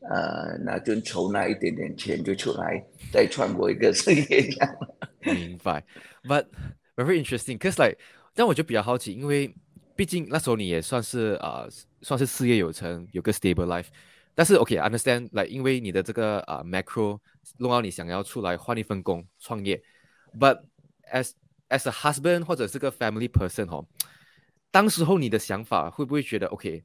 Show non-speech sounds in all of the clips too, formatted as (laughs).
誒，嗱，就籌那一點點錢就出來再創過一個事業啦。明白，but very interesting，cause like 但我就比較好奇，因為畢竟那時候你也算是啊，算是事業有成，有個 stable life。但是 OK，understand，like 因為你的這個啊 macro，弄到你想要出來換一份工創業。But as as a husband 或者是個 family person 哦，當時候你的想法會不會覺得 OK？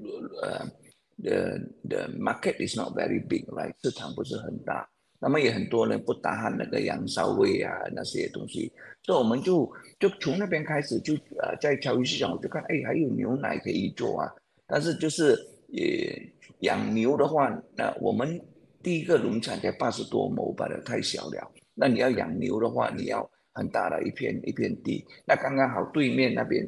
呃，the the market is not very big，嚟、right? 市場不是很大。那麼有很多人不打開那個羊燒味啊，那些東西。所以我們就就從那邊開始就，就呃在超級市場我就看，哎，還有牛奶可以做啊。但是就是也養牛的話，那我們第一個農場才八十多畝，把它太小了。那你要養牛的話，你要很大的一片一片地。那剛剛好對面那邊。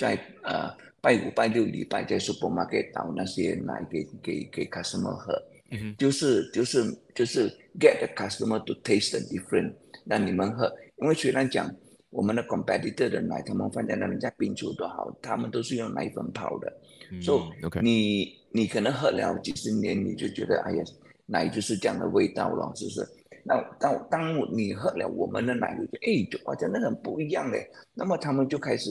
在呃，拜五拜六禮拜在 supermarket 倒那些奶給給給 customer 喝，mm hmm. 就是就是就是 get the customer to taste the different，讓你們喝，因為雖然講我們的 competitor 的奶，他們放在那邊叫冰球都好，他們都是用奶粉泡的，所以你你可能喝了幾十年你就覺得，哎呀奶就是這樣的味道了，是不是？那當當你喝了我們的奶，你、哎、就誒就覺得那很不一樣咧，那麼他們就開始。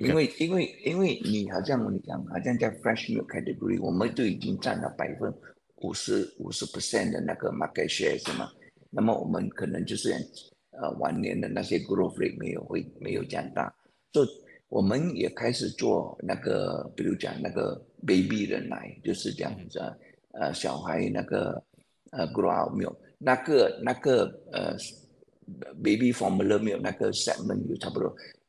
因為因為因為你好像我跟你講，好像在 fresh milk category，我們都已經占了百分五十五十 percent 的那個 market share 嘛。那麼我們可能就是，呃，晚年的那些 growth rate 沒有會沒有長大。就、so, 我們也開始做那個比如講那個 baby 的奶，就是講、啊，呃，小孩那個呃，grow out milk，那個那個呃 baby formula milk 那個 segment 有差不多。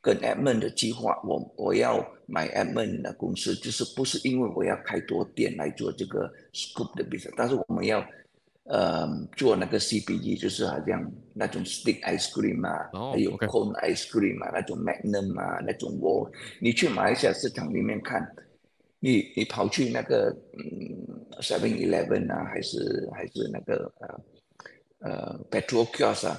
跟 M N 的計劃，我我要買 M N 的公司，就是不是因為我要開多店來做這個 Scoop 的 business，但是我們要，呃，做那個 CPE，就是好像那種 Stick Ice Cream 啊，還有 cone Ice Cream 啊，那種 Magnum 啊，那種我你去馬來西亞市場裡面看，你你跑去那個嗯 Seven Eleven 啊，還是還是那個呃呃 Petrolia 啊？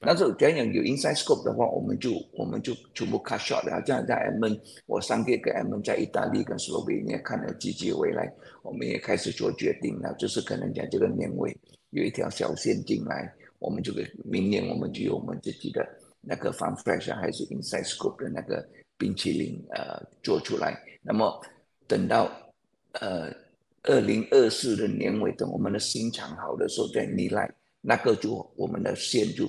那所這樣有如 Inside Scoop 的話，我們就我們就全部 cut short 了。這樣在 M，n, 我上個月 M、n、在意大利跟斯羅維尼亞看了機器未來我們也開始做決定了。就是可能在這個年尾有一條小線進來，我們就給明年我們就有我們自己的那個 Farm Fresh，、啊、還是 Inside Scoop 的那個冰淇淋，呃，做出來。那麼等到呃二零二四的年尾，等我們的新廠好的時候再你來，那個就我們的線就。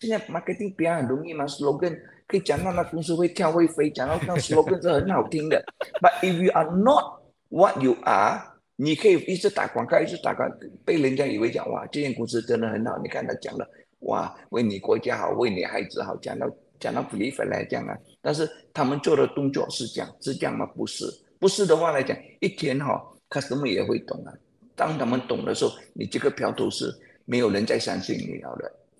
現在 marketing 比係很容易嘛？slogan，可以講到那公司會跳會飛，講到那個 slogan 是很好聽的。 (laughs) But if you are not what you are，你可以一直打廣告，一直打廣告，被人家以為講哇，這間公司真的很好。你看他講了，哇，為你國家好，為你孩子好，講到講到不離分來講啊。但是他們做的動作是這樣，是這樣嗎？不是，不是的話來講，一天哈，customer 也會懂啊。當他們懂的時候，你這個票都是沒有人再相信你了的。